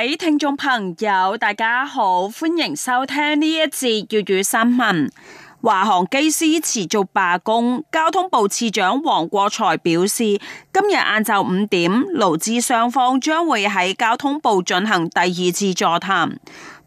各位聽眾朋友，大家好，歡迎收聽呢一節粵語新聞。華航機師持續罷工，交通部次長王國材表示，今日晏晝五點，勞資雙方將會喺交通部進行第二次座談。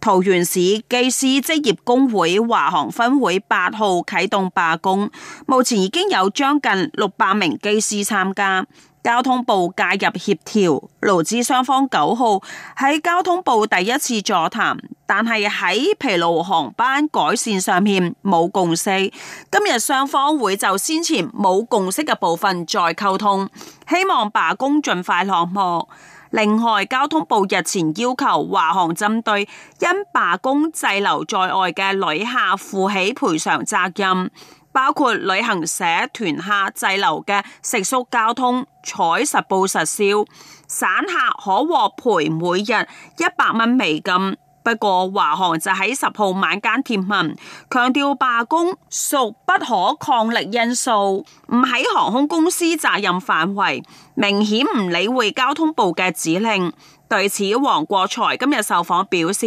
桃園市機師職業工會華航分會八號啟動罷工，目前已經有將近六百名機師參加。交通部介入協調，勞資雙方九號喺交通部第一次座談，但係喺疲勞航班改善上面冇共識，今日雙方會就先前冇共識嘅部分再溝通，希望罷工盡快落幕。另外，交通部日前要求華航針對因罷工滯留在外嘅旅客負起賠償責任，包括旅行社團客滯留嘅食宿交通，採實報實銷，散客可獲賠每日一百蚊美金。不過華航就喺十號晚間貼文強調罷工屬不可抗力因素，唔喺航空公司責任範圍，明顯唔理會交通部嘅指令。對此，王國材今日受訪表示，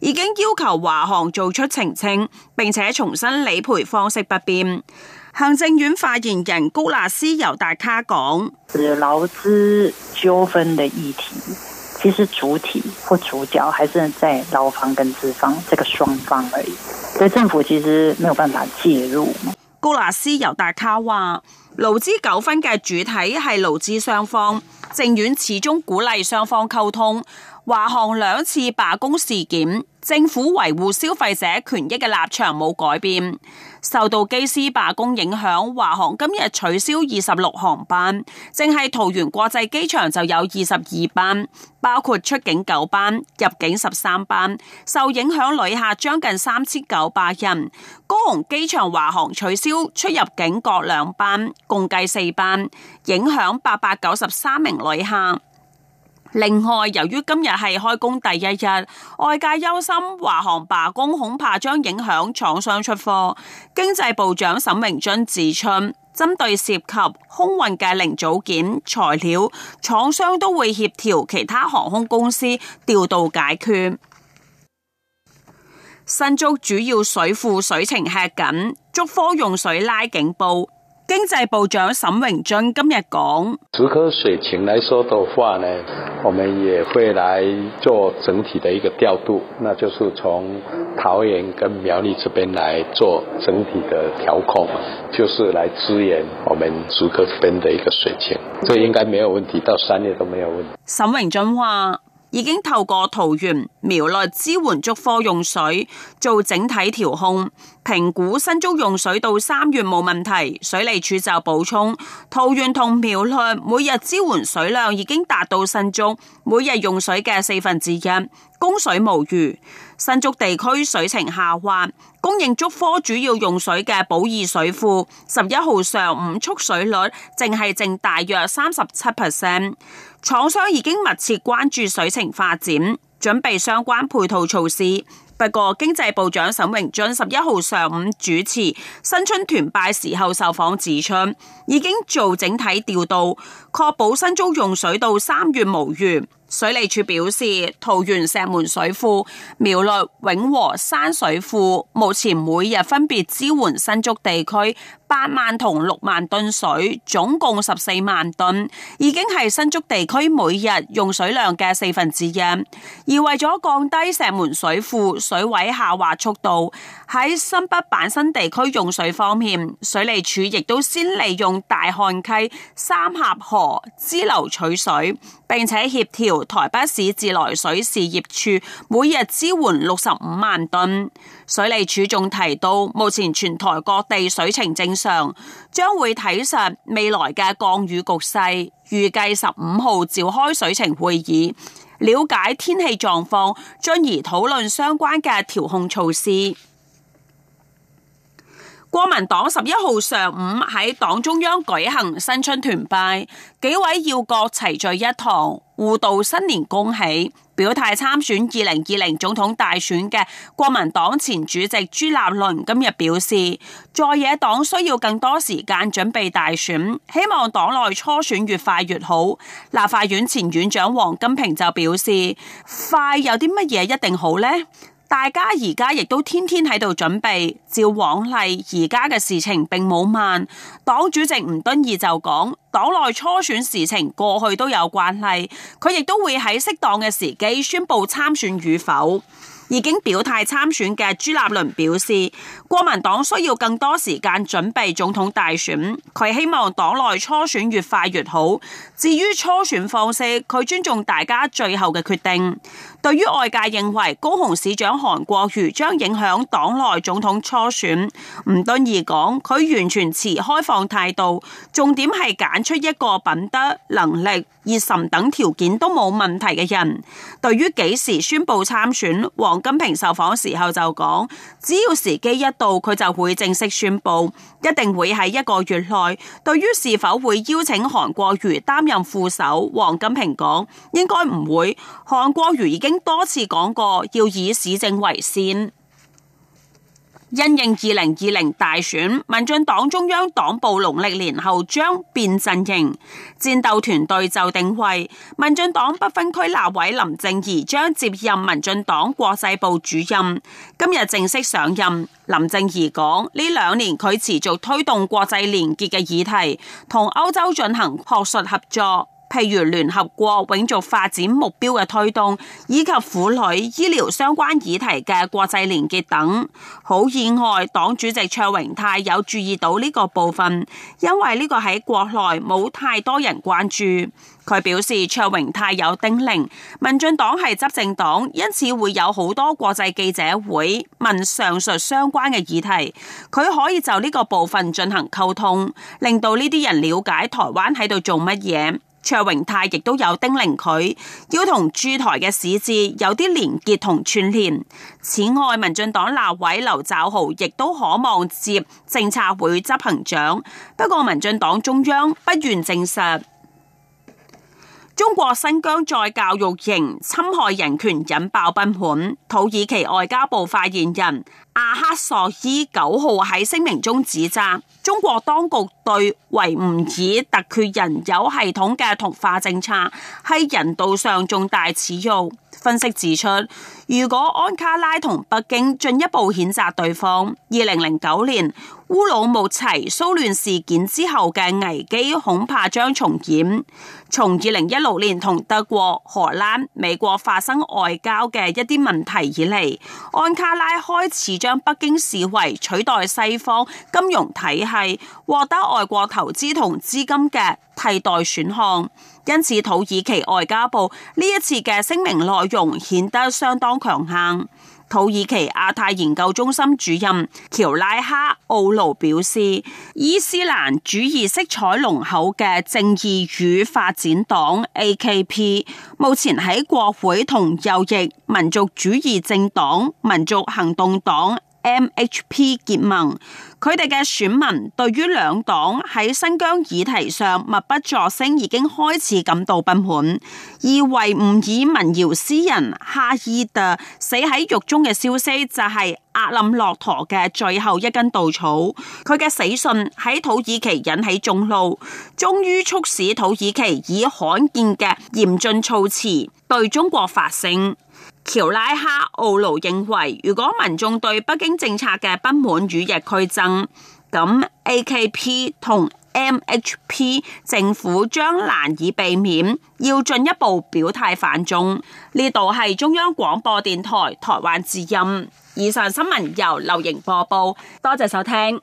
已經要求華航做出澄清，並且重新理賠方式不變。行政院發言人高納斯尤大卡講：，勞資糾紛的議題。其實主體或主角還是在勞方跟資方這個雙方而已，所以政府其實沒有辦法介入。谷辣斯尤達卡話勞資糾紛嘅主體係勞資雙方，政院始終鼓勵雙方溝通。華航兩次罷工事件，政府維護消費者權益嘅立場冇改變。受到機師罷工影響，華航今日取消二十六航班，淨係桃園國際機場就有二十二班，包括出境九班、入境十三班。受影響旅客將近三千九百人。高雄機場華航取消出入境各兩班，共計四班，影響八百九十三名旅客。另外，由於今日係開工第一日，外界憂心華航罷工恐怕將影響廠商出貨。經濟部長沈榮津指出，針對涉及空運嘅零組件材料，廠商都會協調其他航空公司調度解決。新竹主要水庫水情吃緊，竹科用水拉警報。經濟部長沈榮津今日講：竹科水情來說的話呢，我們也會來做整體的一個調度，那就是從桃園跟苗栗這邊來做整體的調控，就是來支援我們竹科這邊的一個水情，這應該沒有問題，到三月都沒有問題。沈榮津話。已經透過桃園苗栗支援竹科用水做整體調控，評估新竹用水到三月冇問題，水利處就補充，桃園同苗栗每日支援水量已經達到新竹每日用水嘅四分之一，供水無虞。新竹地區水情下滑，供應竹科主要用水嘅寶二水庫十一號上午蓄水率淨係剩大約三十七 percent。廠商已經密切關注水情發展，準備相關配套措施。不過經濟部長沈榮津十一號上午主持新春團拜時候受訪指出，已經做整體調度，確保新竹用水到三月無虞。水利署表示，桃園石門水庫、苗栗永和山水庫目前每日分別支援新竹地區八萬同六萬噸水，總共十四萬噸，已經係新竹地區每日用水量嘅四分之一。而為咗降低石門水庫水位下滑速度，喺新北板新地區用水方面，水利署亦都先利用大漢溪三峽河支流取水，並且協調。台北市自來水事業處每日支援六十五萬噸。水利處仲提到，目前全台各地水情正常，將會睇實未來嘅降雨局勢，預計十五號召開水情會議，了解天氣狀況，進而討論相關嘅調控措施。國民黨十一號上午喺黨中央舉行新春團拜，幾位要角齊聚一堂，互道新年恭喜。表態參選二零二零總統大選嘅國民黨前主席朱立倫今日表示，在野黨需要更多時間準備大選，希望黨內初選越快越好。立法院前院長王金平就表示，快有啲乜嘢一定好呢？大家而家亦都天天喺度準備，照往例，而家嘅事情並冇慢。黨主席吳敦義就講，黨內初選事情過去都有慣例，佢亦都會喺適當嘅時機宣布參選與否。已經表態參選嘅朱立倫表示，國民黨需要更多時間準備總統大選，佢希望黨內初選越快越好。至於初選方式，佢尊重大家最後嘅決定。對於外界認為高雄市長韓國瑜將影響黨內總統初選，吳敦義講佢完全持開放態度，重點係揀出一個品德、能力、熱忱等條件都冇問題嘅人。對於幾時宣布參選，王金平受訪時候就講，只要時機一到，佢就會正式宣布，一定會喺一個月內。對於是否會邀請韓國瑜擔任副手，王金平講應該唔會，韓國瑜已經。多次講過要以市政為先，因應二零二零大選，民進黨中央黨部農曆年後將變陣營，戰鬥團隊就定位，民進黨不分區立委林靜儀將接任民進黨國際部主任，今日正式上任。林靜儀講：呢兩年佢持續推動國際連結嘅議題，同歐洲進行學術合作。譬如聯合國永續發展目標嘅推動，以及婦女醫療相關議題嘅國際連結等。好意外，黨主席卓榮泰有注意到呢個部分，因為呢個喺國內冇太多人關注。佢表示，卓榮泰有叮嚀，民進黨係執政黨，因此會有好多國際記者會問上述相關嘅議題，佢可以就呢個部分進行溝通，令到呢啲人了解台灣喺度做乜嘢。卓榮泰亦都有叮嚀佢要同駐台嘅史志有啲連結同串連。此外，民進黨立委劉兆豪亦都可望接政策會執行長，不過民進黨中央不願證實。中國新疆再教育營侵害人權引爆崩盤，土耳其外交部發言人阿克索伊九號喺聲明中指責中國當局對維吾爾特厥人有系統嘅同化政策係人道上重大恥辱。分析指出，如果安卡拉同北京進一步譴責對方，二零零九年烏魯木齊騷亂事件之後嘅危機恐怕將重演。從二零一六年同德國荷蘭美國發生外交嘅一啲問題以嚟，安卡拉開始將北京視為取代西方金融體系、獲得外國投資同資金嘅。替代選項，因此土耳其外交部呢一次嘅聲明內容顯得相當強硬。土耳其亞太研究中心主任喬拉哈奧盧表示，伊斯蘭主義色彩濃厚嘅正義與發展黨 （AKP） 目前喺國會同右翼民族主義政黨民族行動黨 MHP 結盟，佢哋嘅選民對於兩黨喺新疆議題上默不作聲已經開始感到不滿，而維吾爾民謠詩人哈伊特死喺獄中嘅消息就係壓冧駱駝嘅最後一根稻草，佢嘅死訊喺土耳其引起眾怒，終於促使土耳其以罕見嘅嚴峻措辭對中國發聲。喬拉哈奧盧認為，如果民眾對北京政策嘅不滿與日俱增，咁 AKP 同 MHP 政府將難以避免要進一步表態反中。呢度係中央廣播電台台灣之音。以上新聞由劉瑩播報，多謝收聽。